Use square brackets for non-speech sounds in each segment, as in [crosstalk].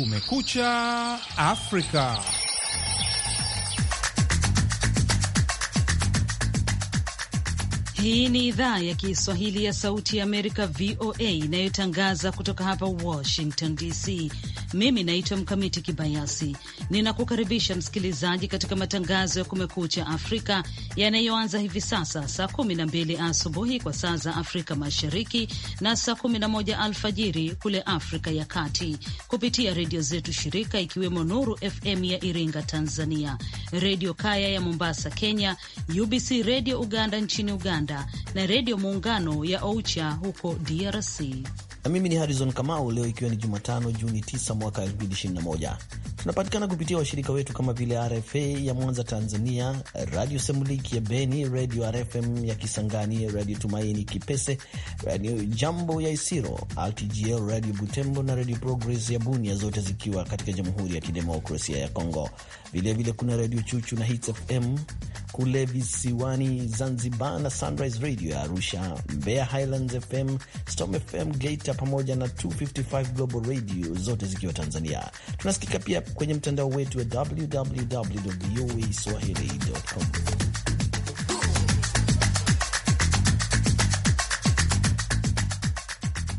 Kumekucha Afrika. Hii ni idhaa ya Kiswahili ya Sauti ya Amerika, VOA, inayotangaza kutoka hapa Washington DC. Mimi naitwa Mkamiti Kibayasi, ninakukaribisha msikilizaji katika matangazo ya Kumekucha Afrika yanayoanza hivi sasa saa 12 asubuhi kwa saa za Afrika Mashariki na saa 11 alfajiri kule Afrika ya Kati, kupitia redio zetu shirika, ikiwemo Nuru FM ya Iringa Tanzania, Redio Kaya ya Mombasa Kenya, UBC Redio Uganda nchini Uganda na Redio Muungano ya Oucha huko DRC na mimi ni Harrison Kamau. Leo ikiwa ni Jumatano, Juni 9 mwaka 2021, tunapatikana kupitia washirika wetu kama vile RFA ya Mwanza Tanzania, Radio Semuliki ya Beni, Radio RFM ya Kisangani, Radio Tumaini Kipese, Radio Jambo ya Isiro, RTGL Radio Butembo na Radio Progress ya Bunia, zote zikiwa katika Jamhuri ya Kidemokrasia ya Kongo. Vilevile kuna Radio Chuchu na Hits FM kule visiwani Zanzibar na Sunrise Radio ya Arusha, Mbeya Highlands FM, Storm FM Geita, pamoja na 255 Global Radio, zote zikiwa Tanzania. Tunasikika pia kwenye mtandao wetu wa www voa swahili.com.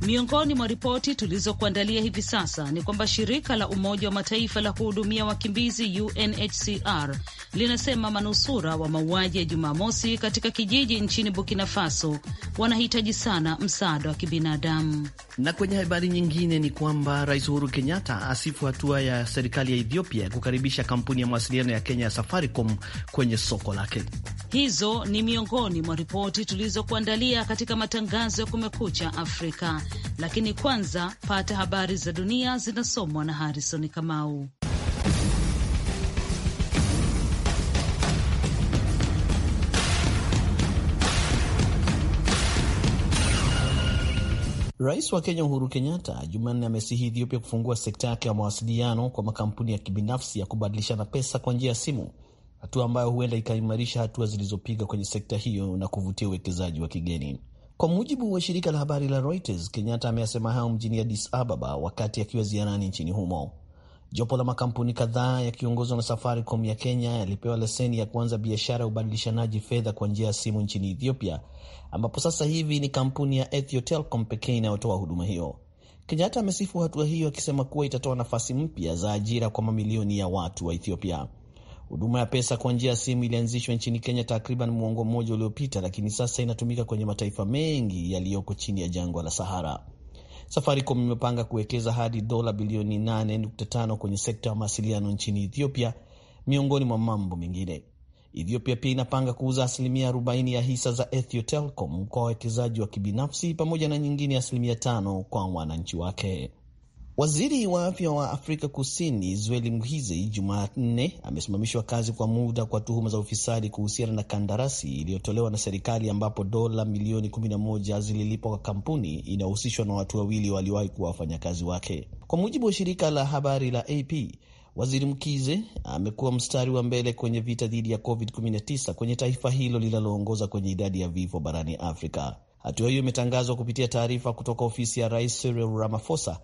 Miongoni mwa ripoti tulizokuandalia hivi sasa ni kwamba shirika la Umoja wa Mataifa la kuhudumia wakimbizi UNHCR linasema manusura wa mauaji ya Jumamosi katika kijiji nchini Burkina Faso wanahitaji sana msaada wa kibinadamu. Na kwenye habari nyingine ni kwamba Rais Uhuru Kenyatta asifu hatua ya serikali ya Ethiopia ya kukaribisha kampuni ya mawasiliano ya Kenya ya Safaricom kwenye soko lake. Hizo ni miongoni mwa ripoti tulizokuandalia katika matangazo ya Kumekucha Afrika, lakini kwanza pata habari za dunia zinasomwa na Harrison Kamau. Rais wa Kenya Uhuru Kenyatta Jumanne amesihi Ethiopia kufungua sekta yake ya mawasiliano kwa makampuni ya kibinafsi ya kubadilishana pesa kwa njia ya simu, hatua ambayo huenda ikaimarisha hatua zilizopiga kwenye sekta hiyo na kuvutia uwekezaji wa kigeni. Kwa mujibu wa shirika la habari la Reuters, Kenyatta ameyasema hayo mjini Addis Ababa wakati akiwa ziarani nchini humo. Jopo la makampuni kadhaa yakiongozwa na Safaricom ya Kenya yalipewa leseni ya kuanza biashara ya ubadilishanaji fedha kwa njia ya simu nchini Ethiopia ambapo sasa hivi ni kampuni ya Ethio pekee inayotoa huduma hiyo. Kenyatta amesifu hatua hiyo akisema kuwa itatoa nafasi mpya za ajira kwa mamilioni ya watu wa Ethiopia. Huduma ya pesa kwa njia ya simu ilianzishwa nchini Kenya takriban mwongo mmoja uliopita, lakini sasa inatumika kwenye mataifa mengi yaliyoko chini ya jangwa la Sahara. Safaricom imepanga kuwekeza hadi dola bilioni 8.5 kwenye sekta ya mawasiliano nchini Ethiopia, miongoni mwa mambo mengine. Ethiopia pia inapanga kuuza asilimia 40 ya hisa za Ethio kwa wawekezaji wa kibinafsi pamoja na nyingine asilimia tano kwa wananchi wake. Waziri wa afya wa Afrika Kusini Zweli Mkhize Jumanne amesimamishwa kazi kwa muda kwa tuhuma za ufisadi kuhusiana na kandarasi iliyotolewa na serikali ambapo dola milioni 11 zililipwa kwa kampuni inayohusishwa na watu wawili waliowahi kuwa wafanyakazi wake, kwa mujibu wa shirika la habari la AP. Waziri Mkize amekuwa mstari wa mbele kwenye vita dhidi ya COVID-19 kwenye taifa hilo linaloongoza kwenye idadi ya vifo barani Afrika. Hatua hiyo imetangazwa kupitia taarifa kutoka ofisi ya Rais Cyril Ramaphosa,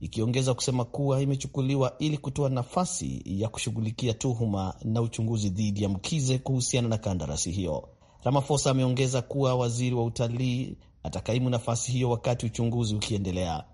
ikiongeza kusema kuwa imechukuliwa ili kutoa nafasi ya kushughulikia tuhuma na uchunguzi dhidi ya Mkize kuhusiana na kandarasi hiyo. Ramaphosa ameongeza kuwa waziri wa utalii atakaimu nafasi hiyo wakati uchunguzi ukiendelea.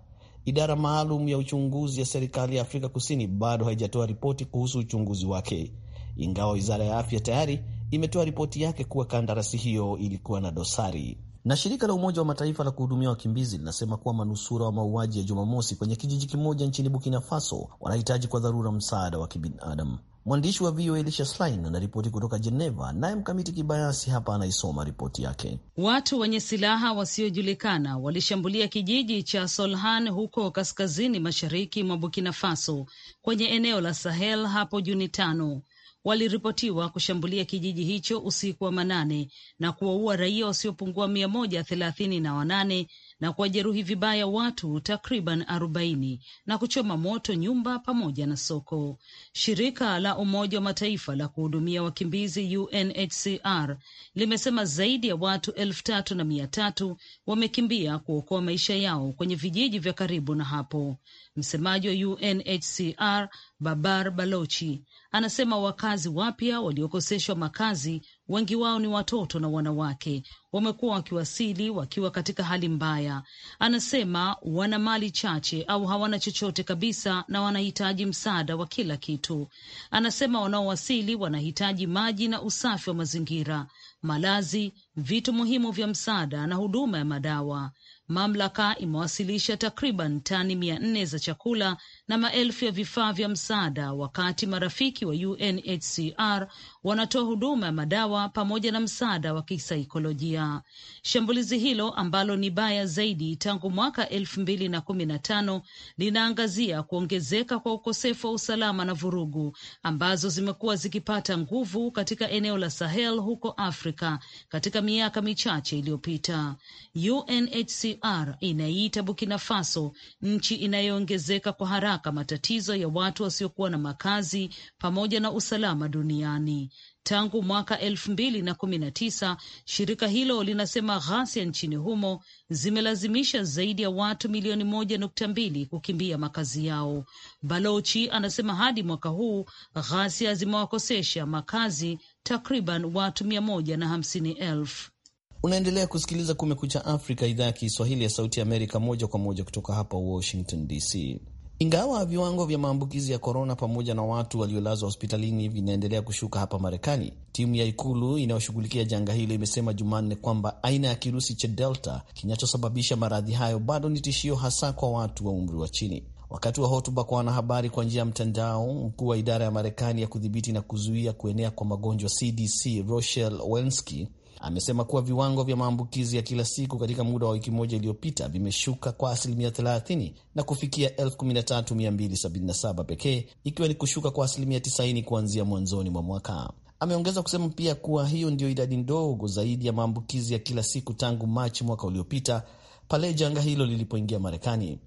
Idara maalum ya uchunguzi ya serikali ya Afrika Kusini bado haijatoa ripoti kuhusu uchunguzi wake, ingawa wizara ya afya tayari imetoa ripoti yake kuwa kandarasi hiyo ilikuwa na dosari. Na shirika la Umoja wa Mataifa la kuhudumia wakimbizi linasema kuwa manusura wa mauaji ya Jumamosi kwenye kijiji kimoja nchini Burkina Faso wanahitaji kwa dharura msaada wa kibinadamu. Mwandishi wa VOA Elisha Schlein anaripoti kutoka Jeneva, naye Mkamiti Kibayasi hapa anaisoma ripoti yake. Watu wenye silaha wasiojulikana walishambulia kijiji cha Solhan huko kaskazini mashariki mwa Burkina Faso kwenye eneo la Sahel hapo Juni tano. Waliripotiwa kushambulia kijiji hicho usiku wa manane na kuwaua raia wasiopungua mia moja thelathini na wanane na kuwajeruhi vibaya watu takriban arobaini na kuchoma moto nyumba pamoja na soko. Shirika la Umoja wa Mataifa la kuhudumia wakimbizi UNHCR limesema zaidi ya watu elfu tatu na mia tatu wamekimbia kuokoa maisha yao kwenye vijiji vya karibu na hapo. Msemaji wa UNHCR Babar Balochi anasema wakazi wapya waliokoseshwa makazi wengi wao ni watoto na wanawake, wamekuwa wakiwasili wakiwa katika hali mbaya. Anasema wana mali chache au hawana chochote kabisa, na wanahitaji msaada wa kila kitu. Anasema wanaowasili wanahitaji maji na usafi wa mazingira, malazi, vitu muhimu vya msaada na huduma ya madawa. Mamlaka imewasilisha takriban tani mia nne za chakula na maelfu ya vifaa vya msaada, wakati marafiki wa UNHCR wanatoa huduma ya madawa pamoja na msaada wa kisaikolojia. Shambulizi hilo ambalo ni baya zaidi tangu mwaka elfu mbili na kumi na tano linaangazia kuongezeka kwa ukosefu wa usalama na vurugu ambazo zimekuwa zikipata nguvu katika eneo la Sahel huko Afrika katika miaka michache iliyopita. UNHCR inaiita Burkina Faso nchi inayoongezeka kwa haraka haraka matatizo ya watu wasiokuwa na makazi pamoja na usalama duniani. Tangu mwaka elfu mbili na kumi na tisa shirika hilo linasema ghasia nchini humo zimelazimisha zaidi ya watu milioni moja nukta mbili kukimbia makazi yao. Balochi anasema hadi mwaka huu ghasia zimewakosesha makazi takriban watu mia moja na hamsini elfu. Unaendelea kusikiliza Kumekucha Afrika, idhaa ya Kiswahili ya Sauti ya Amerika, moja kwa moja kutoka hapa Washington DC. Ingawa viwango vya maambukizi ya korona pamoja na watu waliolazwa hospitalini vinaendelea kushuka hapa Marekani, timu ya ikulu inayoshughulikia janga hilo imesema Jumanne kwamba aina ya kirusi cha Delta kinachosababisha maradhi hayo bado ni tishio, hasa kwa watu wa umri wa chini. Wakati wa hotuba kwa wanahabari kwa njia ya mtandao, mkuu wa idara ya Marekani ya kudhibiti na kuzuia kuenea kwa magonjwa CDC Rochelle Walensky amesema kuwa viwango vya maambukizi ya kila siku katika muda wa wiki moja iliyopita vimeshuka kwa asilimia 30 na kufikia 13277 pekee, ikiwa ni kushuka kwa asilimia 90 kuanzia mwanzoni mwa mwaka. Ameongeza kusema pia kuwa hiyo ndiyo idadi ndogo zaidi ya maambukizi ya kila siku tangu Machi mwaka uliopita pale janga hilo lilipoingia Marekani.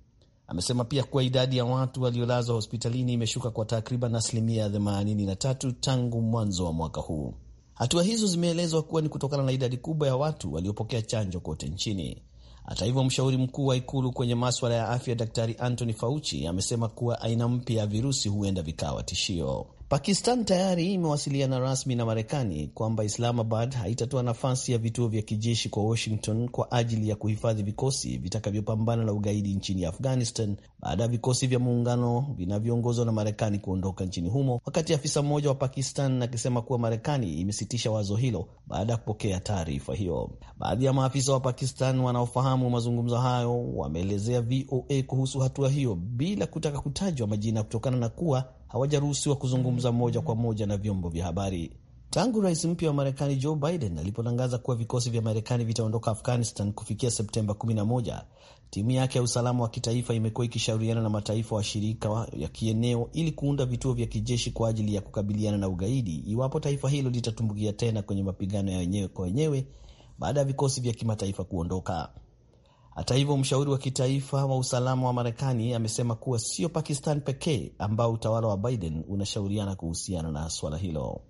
Amesema pia kuwa idadi ya watu waliolazwa hospitalini imeshuka kwa takriban asilimia 83 tangu mwanzo wa mwaka huu. Hatua hizo zimeelezwa kuwa ni kutokana na idadi kubwa ya watu waliopokea chanjo kote nchini. Hata hivyo, mshauri mkuu wa ikulu kwenye maswala ya afya Daktari Anthony Fauci amesema kuwa aina mpya ya virusi huenda vikawa tishio. Pakistan tayari imewasiliana rasmi na Marekani kwamba Islamabad haitatoa nafasi ya vituo vya kijeshi kwa Washington kwa ajili ya kuhifadhi vikosi vitakavyopambana na ugaidi nchini Afghanistan baada ya vikosi vya muungano vinavyoongozwa na Marekani kuondoka nchini humo, wakati afisa mmoja wa Pakistan akisema kuwa Marekani imesitisha wazo hilo baada ya kupokea taarifa hiyo. Baadhi ya maafisa wa Pakistan wanaofahamu mazungumzo hayo wameelezea VOA kuhusu hatua hiyo bila kutaka kutajwa majina kutokana na kuwa hawajaruhusiwa kuzungumza moja kwa moja na vyombo vya habari. Tangu rais mpya wa Marekani Joe Biden alipotangaza kuwa vikosi vya Marekani vitaondoka Afghanistan kufikia Septemba 11, timu yake ya usalama wa kitaifa imekuwa ikishauriana na mataifa washirika ya kieneo ili kuunda vituo vya kijeshi kwa ajili ya kukabiliana na ugaidi iwapo taifa hilo litatumbukia tena kwenye mapigano ya wenyewe kwa wenyewe baada ya vikosi vya kimataifa kuondoka. Hata hivyo, mshauri wa kitaifa wa usalama wa Marekani amesema kuwa sio Pakistan pekee ambao utawala wa Biden unashauriana kuhusiana na swala hilo.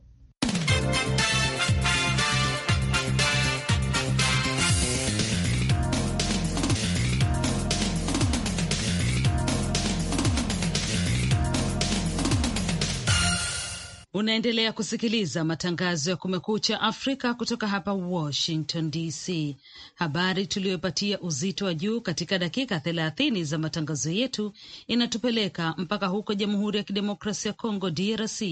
Unaendelea kusikiliza matangazo ya Kumekucha Afrika kutoka hapa Washington DC. Habari tuliyopatia uzito wa juu katika dakika thelathini za matangazo yetu inatupeleka mpaka huko Jamhuri ya Kidemokrasia ya Kongo, DRC,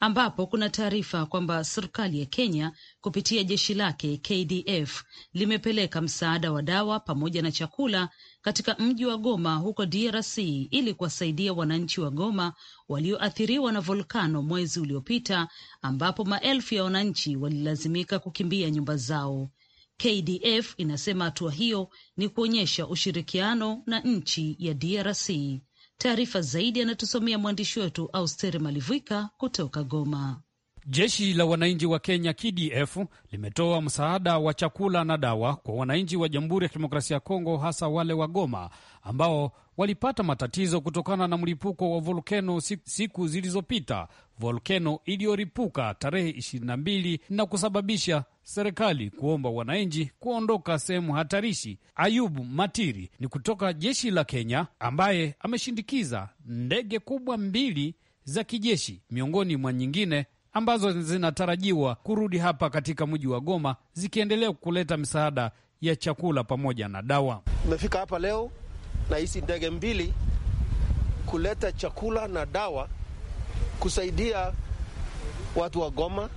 ambapo kuna taarifa kwamba serikali ya Kenya kupitia jeshi lake KDF limepeleka msaada wa dawa pamoja na chakula katika mji wa Goma huko DRC ili kuwasaidia wananchi wa Goma walioathiriwa na volkano mwezi uliopita, ambapo maelfu ya wananchi walilazimika kukimbia nyumba zao. KDF inasema hatua hiyo ni kuonyesha ushirikiano na nchi ya DRC. Taarifa zaidi anatusomea mwandishi wetu Austeri Malivika kutoka Goma. Jeshi la wananchi wa Kenya KDF limetoa msaada wa chakula na dawa kwa wananchi wa Jamhuri ya Kidemokrasia ya Kongo, hasa wale wa Goma ambao walipata matatizo kutokana na mlipuko wa volkeno siku zilizopita, volkeno iliyoripuka tarehe 22 na kusababisha serikali kuomba wananchi kuondoka sehemu hatarishi. Ayubu Matiri ni kutoka jeshi la Kenya ambaye ameshindikiza ndege kubwa mbili za kijeshi miongoni mwa nyingine ambazo zinatarajiwa kurudi hapa katika mji wa Goma zikiendelea kuleta misaada ya chakula pamoja na dawa. imefika hapa leo na hizi ndege mbili kuleta chakula na dawa kusaidia watu wa Goma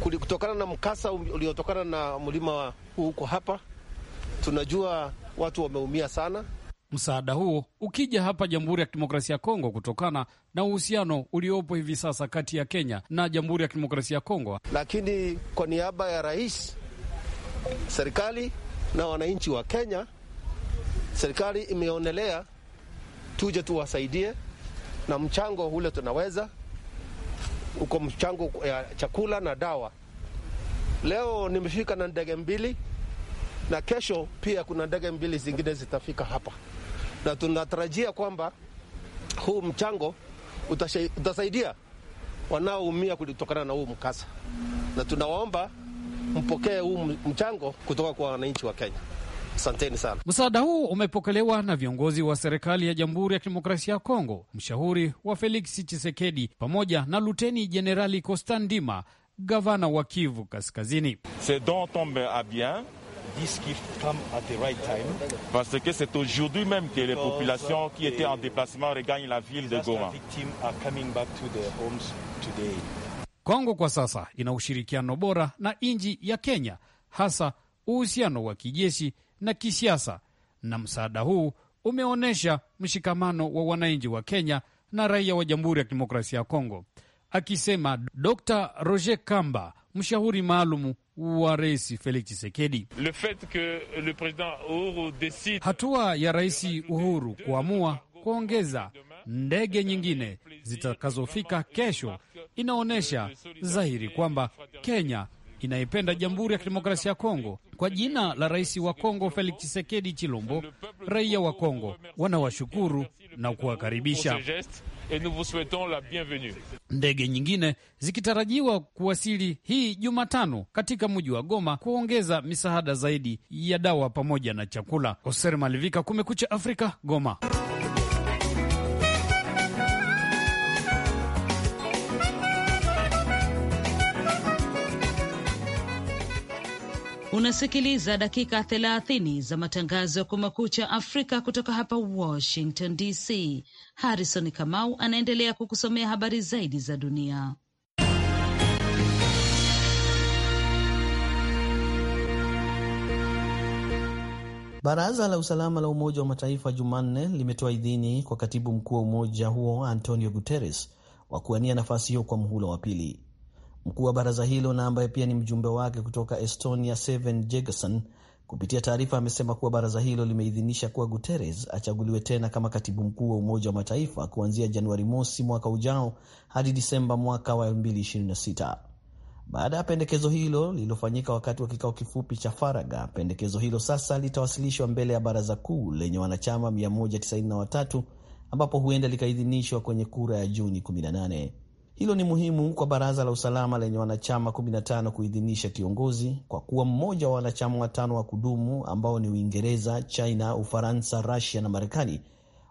kutokana na mkasa uliotokana na mlima huu. Huko hapa tunajua watu wameumia sana msaada huo ukija hapa Jamhuri ya Kidemokrasia ya Kongo kutokana na uhusiano uliopo hivi sasa kati ya Kenya na Jamhuri ya Kidemokrasia ya Kongo. Lakini kwa niaba ya rais, serikali na wananchi wa Kenya, serikali imeonelea tuje tuwasaidie na mchango ule tunaweza uko mchango ya chakula na dawa. Leo nimefika na ndege mbili na kesho pia kuna ndege mbili zingine zitafika hapa na tunatarajia kwamba huu mchango utasaidia wanaoumia kutokana na huu mkasa, na tunawaomba mpokee huu mchango kutoka kwa wananchi wa Kenya. Asanteni sana. Msaada huu umepokelewa na viongozi wa serikali ya Jamhuri ya Kidemokrasia ya Kongo, mshauri wa Felix Chisekedi pamoja na Luteni Jenerali Kostan Ndima, gavana wa Kivu Kaskazini. tombe à bien Parce que c'est aujourd'hui même que les populations qui étaient en déplacement regagnent la ville de Goma. Kongo kwa sasa ina ushirikiano bora na nchi ya Kenya, hasa uhusiano wa kijeshi na kisiasa, na msaada huu umeonyesha mshikamano wa wananchi wa Kenya na raia wa Jamhuri ya Kidemokrasia ya Kongo, akisema Dr. Roger Kamba mshauri maalum wa rais Felix chisekedi Hatua ya rais Uhuru kuamua kuongeza ndege nyingine zitakazofika kesho inaonyesha dhahiri kwamba Kenya inaipenda Jamhuri ya Kidemokrasia ya Kongo. Kwa jina la rais wa Kongo Felix chisekedi Chilombo, raia wa Kongo wanawashukuru na kuwakaribisha et nous vous souhaitons la bienvenue. Ndege nyingine zikitarajiwa kuwasili hii Jumatano katika mji wa Goma kuongeza misaada zaidi ya dawa pamoja na chakula. Hoser Malivika, Kumekucha Afrika, Goma. Unasikiliza dakika 30 za matangazo ya Kumekucha Afrika kutoka hapa Washington DC. Harrison Kamau anaendelea kukusomea habari zaidi za dunia. Baraza la usalama la Umoja wa Mataifa Jumanne limetoa idhini kwa katibu mkuu wa umoja huo Antonio Guterres wa kuwania nafasi hiyo kwa mhula wa pili. Mkuu wa baraza hilo na ambaye pia ni mjumbe wake kutoka Estonia, Seven Jegerson, kupitia taarifa amesema kuwa baraza hilo limeidhinisha kuwa Guterres achaguliwe tena kama katibu mkuu wa Umoja wa Mataifa kuanzia Januari mosi mwaka ujao hadi Disemba mwaka wa 2026. Baada ya pendekezo hilo lililofanyika wakati wa kikao kifupi cha faraga pendekezo hilo sasa litawasilishwa mbele ya baraza kuu lenye wanachama 193 ambapo huenda likaidhinishwa kwenye kura ya Juni 18. Hilo ni muhimu kwa baraza la usalama lenye wanachama 15 kuidhinisha kiongozi, kwa kuwa mmoja wa wanachama watano wa kudumu ambao ni Uingereza, China, Ufaransa, Rusia na Marekani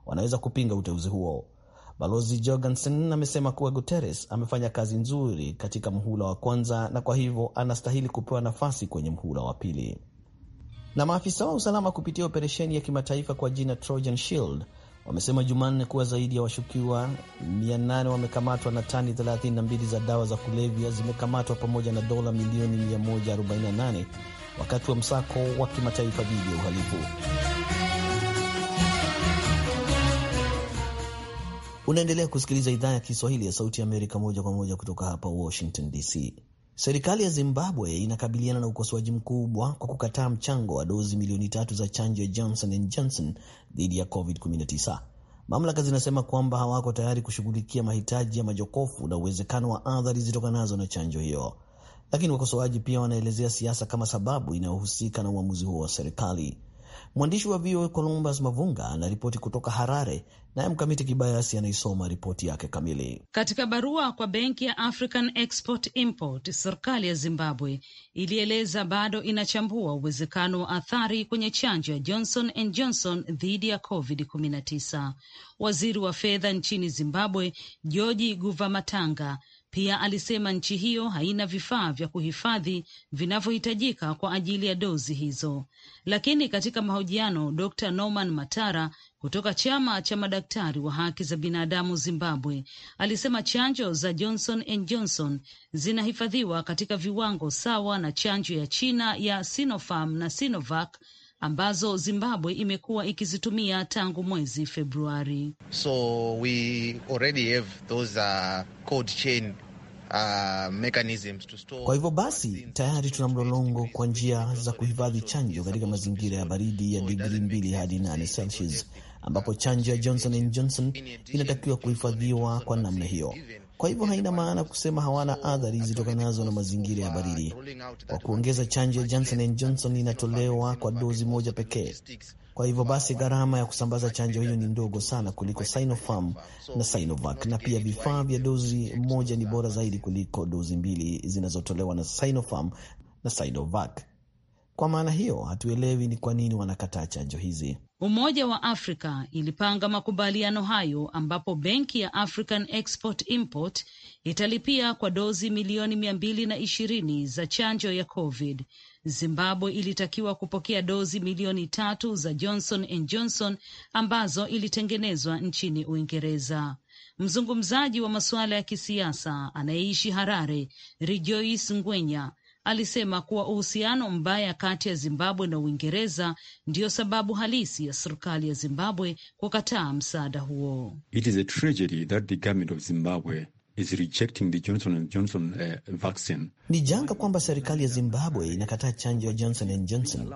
wanaweza kupinga uteuzi huo. Balozi Jorgensen amesema kuwa Guterres amefanya kazi nzuri katika mhula wa kwanza na kwa hivyo anastahili kupewa nafasi kwenye mhula wa pili. Na maafisa wa usalama kupitia operesheni ya kimataifa kwa jina Trojan Shield wamesema Jumanne kuwa zaidi ya washukiwa 800 wamekamatwa na tani 32 za dawa za kulevya zimekamatwa pamoja na dola milioni 148 wakati wa msako wa kimataifa dhidi ya uhalifu. Unaendelea kusikiliza idhaa ya Kiswahili ya Sauti ya Amerika moja kwa moja kutoka hapa Washington DC. Serikali ya Zimbabwe inakabiliana na ukosoaji mkubwa kwa kukataa mchango wa dozi milioni tatu za chanjo ya Johnson and Johnson dhidi ya COVID-19. Mamlaka zinasema kwamba hawako tayari kushughulikia mahitaji ya majokofu na uwezekano wa athari zitokanazo na chanjo hiyo, lakini wakosoaji pia wanaelezea siasa kama sababu inayohusika na uamuzi huo wa serikali. Mwandishi wa VOA Columbus Mavunga anaripoti kutoka Harare, naye Mkamiti Kibayasi anaisoma ripoti yake kamili. Katika barua kwa benki ya African Export Import, serikali ya Zimbabwe ilieleza bado inachambua uwezekano wa athari kwenye chanjo ya Johnson and Johnson dhidi ya COVID-19. Waziri wa fedha nchini Zimbabwe George Guvamatanga pia alisema nchi hiyo haina vifaa vya kuhifadhi vinavyohitajika kwa ajili ya dozi hizo. Lakini katika mahojiano, Dr Norman Matara kutoka chama cha madaktari wa haki za binadamu Zimbabwe alisema chanjo za Johnson and Johnson zinahifadhiwa katika viwango sawa na chanjo ya China ya Sinopharm na Sinovac ambazo Zimbabwe imekuwa ikizitumia tangu mwezi Februari. So we already have those, uh, chain, uh, mechanisms to store. Kwa hivyo basi tayari tuna mlolongo kwa njia za kuhifadhi chanjo katika mazingira ya baridi ya digrii mbili hadi nane Celsius ambapo chanjo ya Johnson and Johnson inatakiwa kuhifadhiwa kwa namna hiyo. Kwa hivyo haina maana kusema hawana athari zitokanazo na mazingira ya baridi. Kwa kuongeza, chanjo ya Johnson and Johnson inatolewa kwa dozi moja pekee. Kwa hivyo basi, gharama ya kusambaza chanjo hiyo ni ndogo sana kuliko Sinopharm na Sinovac, na pia vifaa vya dozi moja ni bora zaidi kuliko dozi mbili zinazotolewa na Sinopharm na Sinovac. Kwa maana hiyo, hatuelewi ni kwa nini wanakataa chanjo hizi. Umoja wa Afrika ilipanga makubaliano hayo ambapo benki ya African Export-Import italipia kwa dozi milioni mia mbili na ishirini za chanjo ya COVID. Zimbabwe ilitakiwa kupokea dozi milioni tatu za Johnson and Johnson ambazo ilitengenezwa nchini Uingereza. Mzungumzaji wa masuala ya kisiasa anayeishi Harare, Rejoice Ngwenya alisema kuwa uhusiano mbaya kati ya Zimbabwe na Uingereza ndiyo sababu halisi ya serikali ya Zimbabwe kukataa msaada huo. It is a tragedy that the government of Zimbabwe is rejecting the Johnson and Johnson, uh, vaccine. Ni janga kwamba serikali ya Zimbabwe inakataa chanjo ya Johnson and Johnson.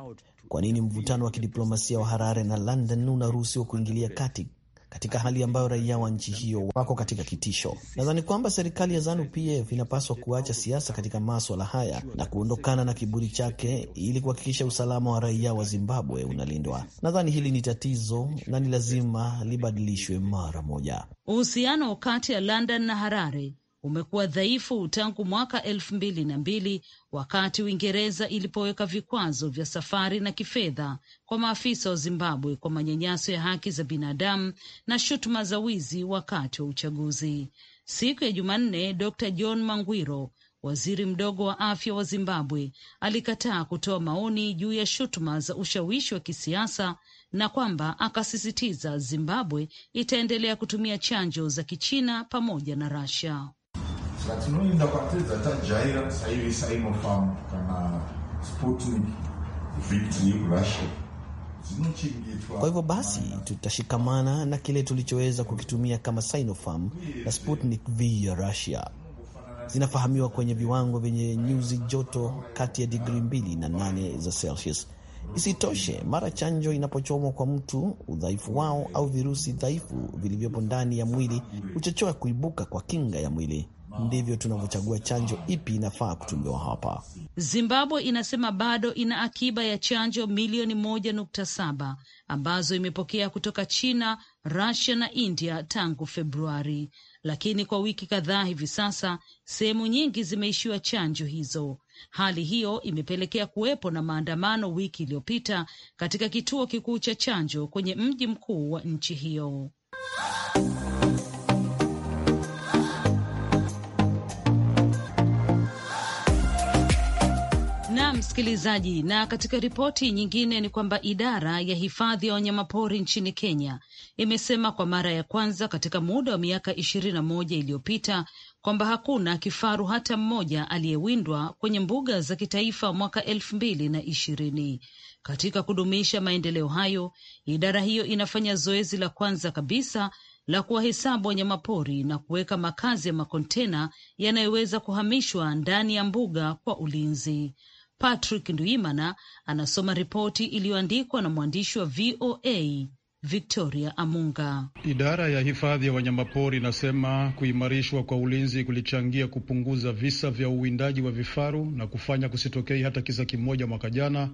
Kwa nini mvutano wa kidiplomasia wa Harare na London unaruhusiwa kuingilia kati katika hali ambayo raia wa nchi hiyo wako katika kitisho. Nadhani kwamba serikali ya ZANU-PF inapaswa kuacha siasa katika maswala haya na kuondokana na kiburi chake ili kuhakikisha usalama wa raia wa Zimbabwe unalindwa. Nadhani hili ni tatizo na ni lazima libadilishwe mara moja. Uhusiano kati ya London na Harare umekuwa dhaifu tangu mwaka elfu mbili na mbili wakati Uingereza ilipoweka vikwazo vya safari na kifedha kwa maafisa wa Zimbabwe kwa manyanyaso ya haki za binadamu na shutuma za wizi wakati wa uchaguzi. Siku ya Jumanne, Dr John Mangwiro, waziri mdogo wa afya wa Zimbabwe, alikataa kutoa maoni juu ya shutuma za ushawishi wa kisiasa na kwamba akasisitiza Zimbabwe itaendelea kutumia chanjo za Kichina pamoja na Russia saivi kana sputnik victory kwa hivyo basi tutashikamana na kile tulichoweza kukitumia kama Sinopharm na Sputnik V ya Russia. Zinafahamiwa kwenye viwango vyenye nyuzi joto kati ya digrii mbili na nane za Celsius. Isitoshe, mara chanjo inapochomwa kwa mtu, udhaifu wao au virusi dhaifu vilivyopo ndani ya mwili huchochea kuibuka kwa kinga ya mwili ndivyo tunavyochagua chanjo ipi inafaa kutumiwa hapa. Zimbabwe inasema bado ina akiba ya chanjo milioni moja nukta saba ambazo imepokea kutoka China, Rusia na India tangu Februari, lakini kwa wiki kadhaa hivi sasa sehemu nyingi zimeishiwa chanjo hizo. Hali hiyo imepelekea kuwepo na maandamano wiki iliyopita katika kituo kikuu cha chanjo kwenye mji mkuu wa nchi hiyo. msikilizaji, na katika ripoti nyingine ni kwamba idara ya hifadhi ya wanyamapori nchini Kenya imesema kwa mara ya kwanza katika muda wa miaka ishirini na moja iliyopita kwamba hakuna kifaru hata mmoja aliyewindwa kwenye mbuga za kitaifa mwaka elfu mbili na ishirini. Katika kudumisha maendeleo hayo, idara hiyo inafanya zoezi la kwanza kabisa la kuwahesabu wanyamapori na kuweka makazi ya makontena yanayoweza kuhamishwa ndani ya mbuga kwa ulinzi. Patrick Nduimana anasoma ripoti iliyoandikwa na mwandishi wa VOA Victoria Amunga. Idara ya hifadhi ya wanyamapori inasema kuimarishwa kwa ulinzi kulichangia kupunguza visa vya uwindaji wa vifaru na kufanya kusitokei hata kisa kimoja mwaka jana,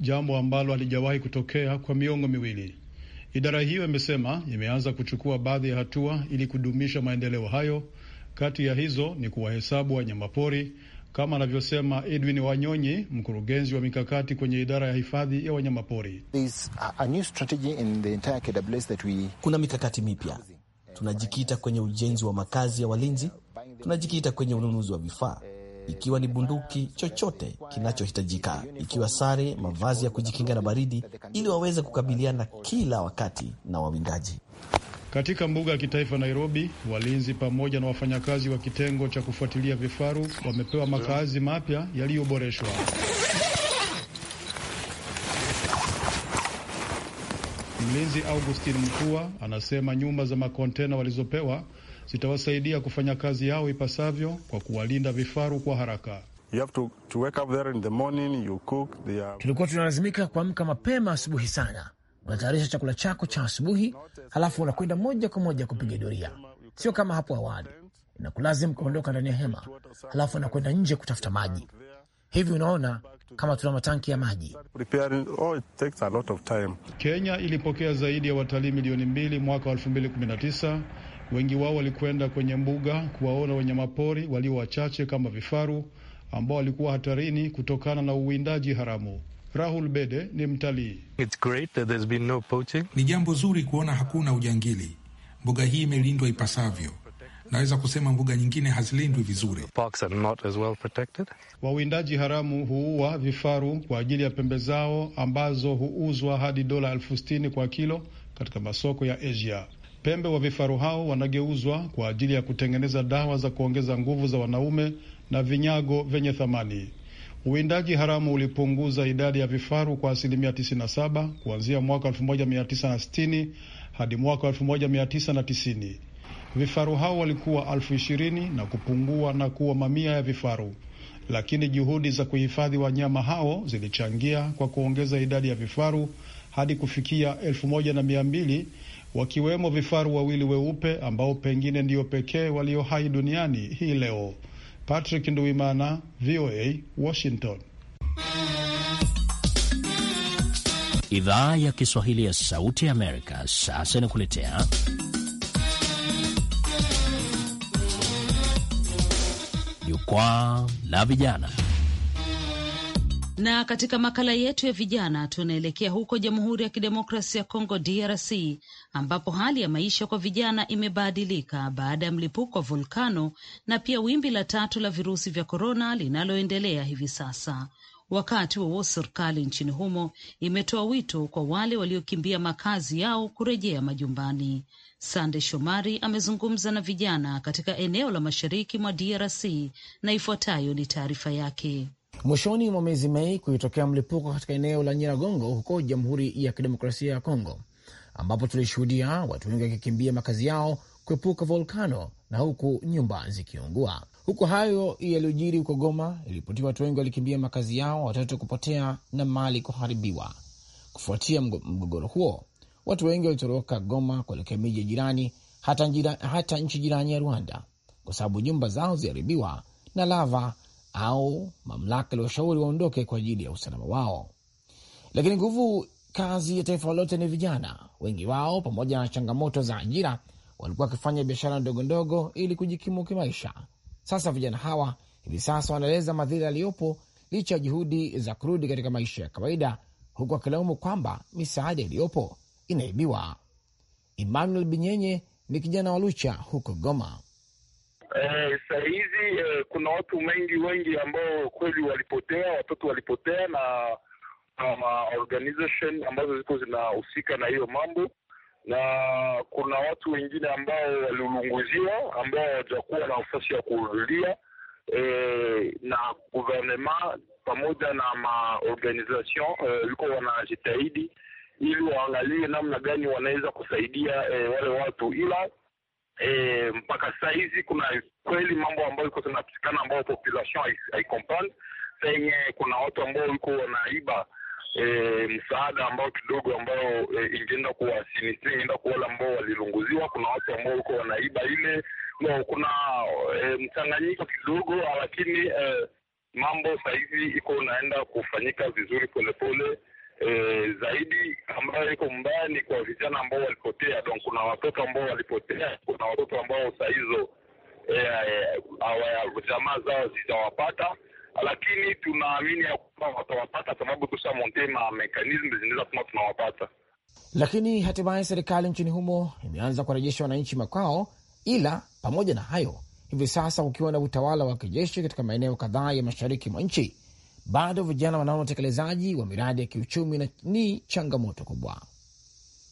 jambo ambalo halijawahi kutokea kwa miongo miwili. Idara hiyo imesema imeanza kuchukua baadhi ya hatua ili kudumisha maendeleo hayo. Kati ya hizo ni kuwahesabu wanyamapori kama anavyosema Edwin Wanyonyi, mkurugenzi wa mikakati kwenye idara ya hifadhi ya wanyamapori. Kuna mikakati mipya, tunajikita kwenye ujenzi wa makazi ya walinzi, tunajikita kwenye ununuzi wa vifaa ikiwa ni bunduki, chochote kinachohitajika, ikiwa sare, mavazi ya kujikinga na baridi, ili waweze kukabiliana kila wakati na wawindaji. Katika mbuga ya kitaifa Nairobi, walinzi pamoja na wafanyakazi wa kitengo cha kufuatilia vifaru wamepewa makazi mapya yaliyoboreshwa. Mlinzi Augustin mkua anasema nyumba za makontena walizopewa zitawasaidia kufanya kazi yao ipasavyo kwa kuwalinda vifaru kwa haraka. Tulikuwa tunalazimika kuamka mapema asubuhi sana unatayarisha chakula chako cha asubuhi, halafu unakwenda moja kwa moja kupiga doria, sio kama hapo awali inakulazimu kuondoka ndani ya hema, halafu unakwenda nje kutafuta maji. Hivi unaona kama tuna matanki ya maji. Oh, Kenya ilipokea zaidi ya watalii milioni mbili mwaka wa 2019. Wengi wao walikwenda kwenye mbuga kuwaona wanyamapori walio wachache kama vifaru ambao walikuwa hatarini kutokana na uwindaji haramu. Rahul Bede ni mtalii. It's great that there's been no poaching. Ni jambo zuri kuona hakuna ujangili. Mbuga hii imelindwa ipasavyo. Naweza kusema mbuga nyingine hazilindwi vizuri. Well, wawindaji haramu huua vifaru kwa ajili ya pembe zao ambazo huuzwa hadi dola elfu sitini kwa kilo katika masoko ya Asia. Pembe wa vifaru hao wanageuzwa kwa ajili ya kutengeneza dawa za kuongeza nguvu za wanaume na vinyago vyenye thamani. Uwindaji haramu ulipunguza idadi ya vifaru kwa asilimia 97 kuanzia mwaka 1960 hadi mwaka 1990. Vifaru hao walikuwa elfu ishirini na kupungua na kuwa mamia ya vifaru, lakini juhudi za kuhifadhi wanyama hao zilichangia kwa kuongeza idadi ya vifaru hadi kufikia elfu moja na mia mbili wakiwemo vifaru wawili weupe ambao pengine ndiyo pekee walio hai duniani hii leo. Patrick Nduimana, VOA Washington. Idhaa ya Kiswahili ya Sauti ya Amerika sasa inakuletea jukwaa la vijana. Na katika makala yetu ya vijana tunaelekea huko Jamhuri ya Kidemokrasia ya Kongo DRC ambapo hali ya maisha kwa vijana imebadilika baada ya mlipuko wa volkano na pia wimbi la tatu la virusi vya korona linaloendelea hivi sasa. Wakati huo serikali nchini humo imetoa wito kwa wale waliokimbia makazi yao kurejea majumbani. Sande Shomari amezungumza na vijana katika eneo la mashariki mwa DRC na ifuatayo ni taarifa yake. Mwishoni mwa mwezi Mei kulitokea mlipuko katika eneo la Nyiragongo huko Jamhuri ya Kidemokrasia ya Kongo, ambapo tulishuhudia watu wengi wakikimbia makazi yao kuepuka volkano na huku nyumba zikiungua. Huku hayo yaliyojiri huko Goma, iliripotiwa watu wengi walikimbia makazi yao, watoto kupotea na mali kuharibiwa. Kufuatia mgogoro huo, watu wengi walitoroka Goma kuelekea miji ya jirani, hata, hata nchi jirani ya Rwanda, kwa sababu nyumba zao ziliharibiwa na lava au mamlaka aliwashauri waondoke kwa ajili ya usalama wao. Lakini nguvu kazi ya taifa lolote ni vijana. Wengi wao, pamoja na changamoto za ajira, walikuwa wakifanya biashara ndogo ndogo ili kujikimu kimaisha. Sasa vijana hawa hivi sasa wanaeleza madhira yaliyopo licha ya juhudi za kurudi katika maisha ya kawaida, huku wakilaumu kwamba misaada iliyopo inaibiwa. Emmanuel Binyenye ni kijana wa Lucha huko Goma. Eh, saa hizi eh, kuna watu wengi wengi ambao kweli walipotea, watoto walipotea na ma organization ambazo ziko zinahusika na hiyo mambo, na kuna watu wengine ambao waliulunguziwa ambao hawajakuwa na nafasi ya kuhudhuria eh, na gouvernement pamoja na maorganization eh, liko wanajitahidi ili waangalie namna gani wanaweza kusaidia eh, wale watu ila E, mpaka saa hizi kuna kweli mambo ambayo iko tunapitikana ambayo population haicomprendre senye kuna watu ambao iko wanaiba e, msaada ambao kidogo ambao e, ingeenda kuwasinistre ingeenda kuwala ambao walilunguziwa. Kuna watu ambao iko wanaiba ile no, kuna e, mchanganyiko kidogo, lakini e, mambo saa hizi iko naenda kufanyika vizuri polepole pole e, zaidi ambayo iko mbali kwa vijana ambao walipotea. Donc kuna watoto ambao walipotea, kuna watoto ambao saa hizo e, jamaa zao zitawapata, lakini tunaamini ya kwamba watawapata, sababu tushamonte ma mekanism zinaweza kuma tunawapata. Lakini hatimaye serikali nchini humo imeanza kuwarejesha wananchi makwao, ila pamoja na hayo hivi sasa ukiwa na utawala wa kijeshi katika maeneo kadhaa ya mashariki mwa nchi bado vijana wanaona utekelezaji wa miradi ya kiuchumi na ni changamoto kubwa.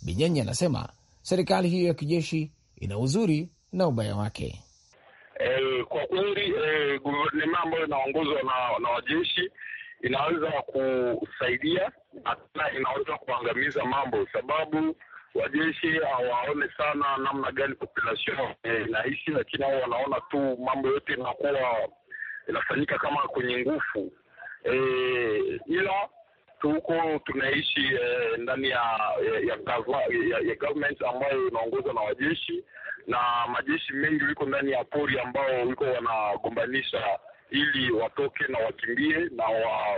Binyenyi anasema serikali hiyo ya kijeshi ina uzuri na ubaya wake. E, kwa kweli e, guvernema ambayo inaongozwa na, na wajeshi inaweza kusaidia hata inaweza kuangamiza mambo, sababu wajeshi hawaone sana namna gani population e, inaishi, lakini hao wanaona tu mambo yote inakuwa inafanyika kama kwenye nguvu Eh, ila tuko tunaishi eh, ndani ya ya, ya, ya government ambayo inaongozwa na wajeshi na majeshi mengi wiko ndani ya pori ambao wiko wanagombanisha ili watoke na wakimbie na wa,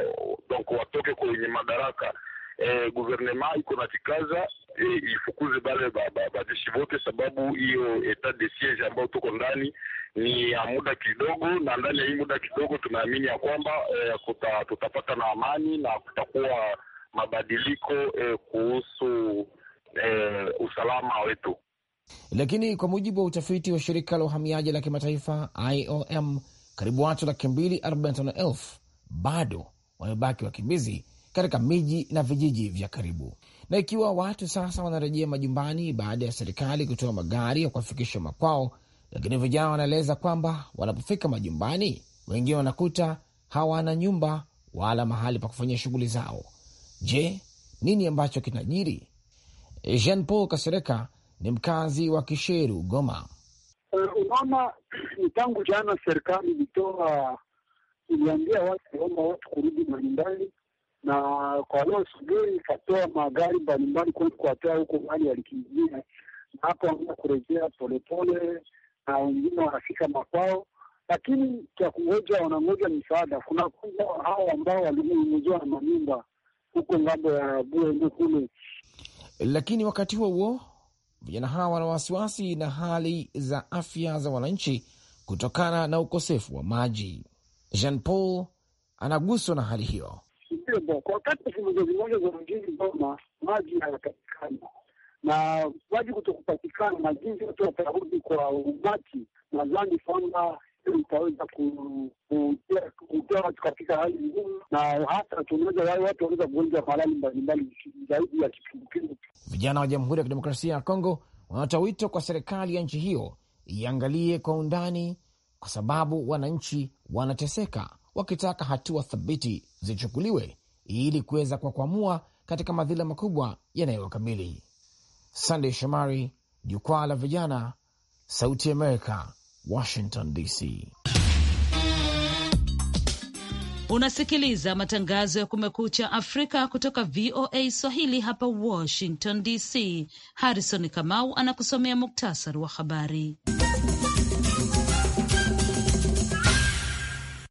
donc watoke kwenye madaraka eh, guvernema iko na vikaza eh, ifukuze bale bajeshi ba, ba, vote sababu hiyo etat de siege ambayo tuko ndani ni ya muda kidogo, na ndani ya hii muda kidogo tunaamini ya kwamba eh, kuta, tutapata na amani na kutakuwa mabadiliko eh, kuhusu eh, usalama wetu. Lakini kwa mujibu wa utafiti wa shirika la uhamiaji la kimataifa IOM, karibu watu laki mbili arobaini na tano elfu bado wamebaki wakimbizi katika miji na vijiji vya karibu. Na ikiwa watu sasa wanarejea majumbani baada ya serikali kutoa magari ya kuwafikisha makwao, lakini vijana wanaeleza kwamba wanapofika majumbani, wengine wanakuta hawana nyumba wala mahali pa kufanyia shughuli zao. Je, nini ambacho kinajiri? Jean Paul Kasereka ni mkazi wa Kisheru, Goma. Unaona, eh, [clears throat] ni tangu jana serikali ilitoa, iliambia watu, iliomba watu kurudi manyumbani na kwa asubuhi ikatoa magari mbalimbali kwenda kuwatoa huko mali walikimbia, na hapo wanaenda kurejea polepole, na wengine wanafika makwao, lakini cha kungoja, wanangoja misaada. Kuna kwanza hao ambao walinunuziwa na manyumba huko ngambo ya Buene kule, lakini wakati huo huo vijana hawa wana wasiwasi na hali za afya za wananchi kutokana na ukosefu wa maji. Jean Paul anaguswa na hali hiyo. Kwa wakati wa vifunguzo za mjini Goma maji hayapatikana na maji kutokupatikana, na jinsi watu watarudi kwa umati, nadhani kwamba itaweza kutoa watu katika hali ngumu, na hasa tunaweza wale watu wanaweza kugonjwa malali mbalimbali zaidi ya kipindupindu. Vijana wa Jamhuri ya Kidemokrasia ya Kongo wanatoa wito kwa serikali ya nchi hiyo iangalie kwa undani, kwa sababu wananchi wanateseka wakitaka hatua thabiti zichukuliwe ili kuweza kuwakwamua katika madhila makubwa yanayowakabili. Sandey Shomari, Jukwaa la Vijana, Sauti Amerika, Washington DC. Unasikiliza matangazo ya Kumekucha Afrika kutoka VOA Swahili hapa Washington DC. Harrison Kamau anakusomea muktasari wa habari.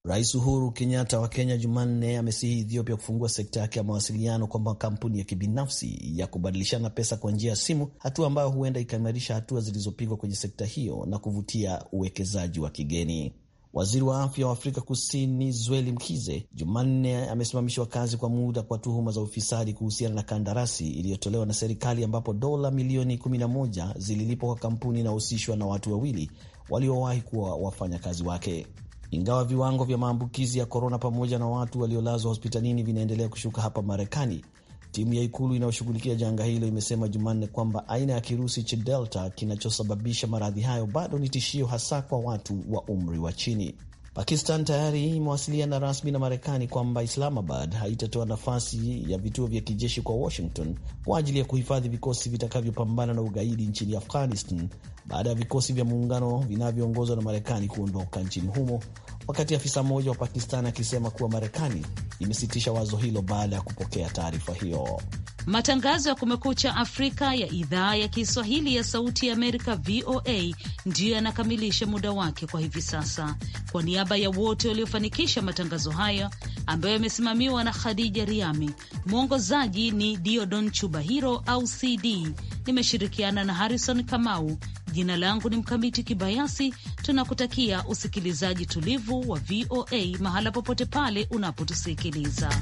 Rais Uhuru Kenyatta wa Kenya Jumanne amesihi Ethiopia kufungua sekta yake ya mawasiliano kwa makampuni ya kibinafsi ya kubadilishana pesa kwa njia ya simu, hatua ambayo huenda ikaimarisha hatua zilizopigwa kwenye sekta hiyo na kuvutia uwekezaji wa kigeni. Waziri wa afya wa Afrika Kusini Zweli Mkhize Jumanne amesimamishwa kazi kwa muda kwa tuhuma za ufisadi kuhusiana na kandarasi iliyotolewa na serikali ambapo dola milioni 11 zililipwa kwa kampuni inaohusishwa na watu wawili waliowahi kuwa wafanyakazi wake. Ingawa viwango vya maambukizi ya korona pamoja na watu waliolazwa hospitalini vinaendelea kushuka hapa Marekani, timu ya ikulu inayoshughulikia janga hilo imesema Jumanne kwamba aina ya kirusi cha Delta kinachosababisha maradhi hayo bado ni tishio, hasa kwa watu wa umri wa chini. Pakistan tayari imewasiliana rasmi na Marekani kwamba Islamabad haitatoa nafasi ya vituo vya kijeshi kwa Washington kwa ajili ya kuhifadhi vikosi vitakavyopambana na ugaidi nchini Afghanistan, baada ya vikosi vya muungano vinavyoongozwa na Marekani kuondoka nchini humo, wakati afisa mmoja wa Pakistan akisema kuwa Marekani imesitisha wazo hilo baada ya kupokea taarifa hiyo. Matangazo ya Kumekucha Afrika ya idhaa ya Kiswahili ya Sauti ya Amerika, VOA, ndiyo yanakamilisha muda wake kwa hivi sasa. Kwa niaba ya wote waliofanikisha matangazo hayo ambayo yamesimamiwa na Khadija Riami, mwongozaji ni Diodon Chubahiro au CD nimeshirikiana na Harrison Kamau. Jina langu ni Mkamiti Kibayasi. Tunakutakia usikilizaji tulivu wa VOA mahala popote pale unapotusikiliza.